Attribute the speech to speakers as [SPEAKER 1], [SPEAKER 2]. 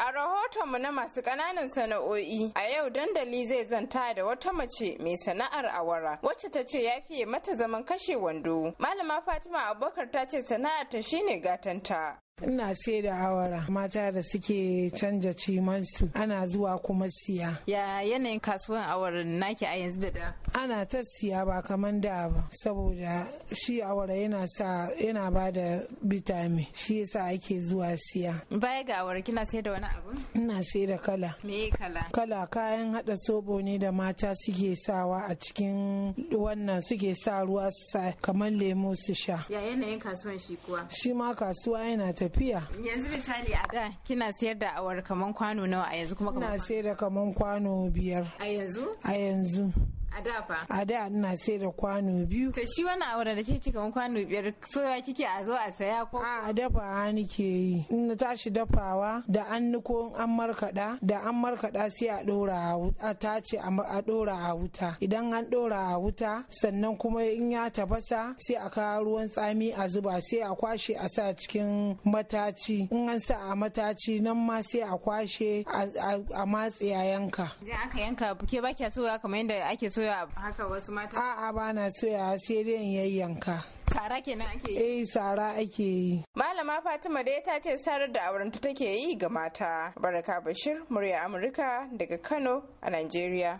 [SPEAKER 1] A rahotonmu na masu ƙananan sana'o'i a yau dandali zai zanta da wata mace mai sana'ar awara wacce ta ce ya fiye mata zaman kashe wando. Malama Fatima Abubakar ta ce sana'ar ta shine gatanta.
[SPEAKER 2] ina sai da awara mata da suke canja cimansu ana zuwa kuma siya ya yanayin kasuwan awara naki a yanzu da da ana ta siya ba kamar da ba saboda shi awara yana sa yana ba da bitamin shi yasa ake zuwa siya baya ga awara kina sai da wani abu ina sai da kala me kala kala kayan hada sobo ne da mata suke sawa a cikin wannan suke sa ruwa su sa kamar lemo su sha ya
[SPEAKER 1] yanayin kasuwan shi kuwa
[SPEAKER 2] shi ma kasuwa yana ta tafiya
[SPEAKER 1] yanzu misali a da
[SPEAKER 2] kina sayar da awar kaman kwano nawa a yanzu kuma sayar da kaman kwano biyar a yanzu a yanzu A da fa. A da ina sai da kwano biyu. To shi wani aure da ke cika kwano biyar soya kike a zo a saya ko? A dafa ke yi. In tashi dafawa da an niko an markaɗa da an markaɗa sai a ɗora a tace a ɗora a wuta. Idan an ɗora a wuta sannan kuma in ya tafasa sai a kawo ruwan tsami a zuba sai a kwashe a sa cikin mataci. In an sa a mataci nan ma sai a kwashe a matse a yanka.
[SPEAKER 1] Idan aka yanka ke ba so kamar yadda ake so soya haka wasu mata a'a
[SPEAKER 2] ba na soya sai dai in yayyanka
[SPEAKER 1] sara kenan ake eh sara
[SPEAKER 2] ake yi
[SPEAKER 1] malama fatima dai ta ce sarar da aurenta take yi ga mata baraka bashir murya amurka daga kano a nigeria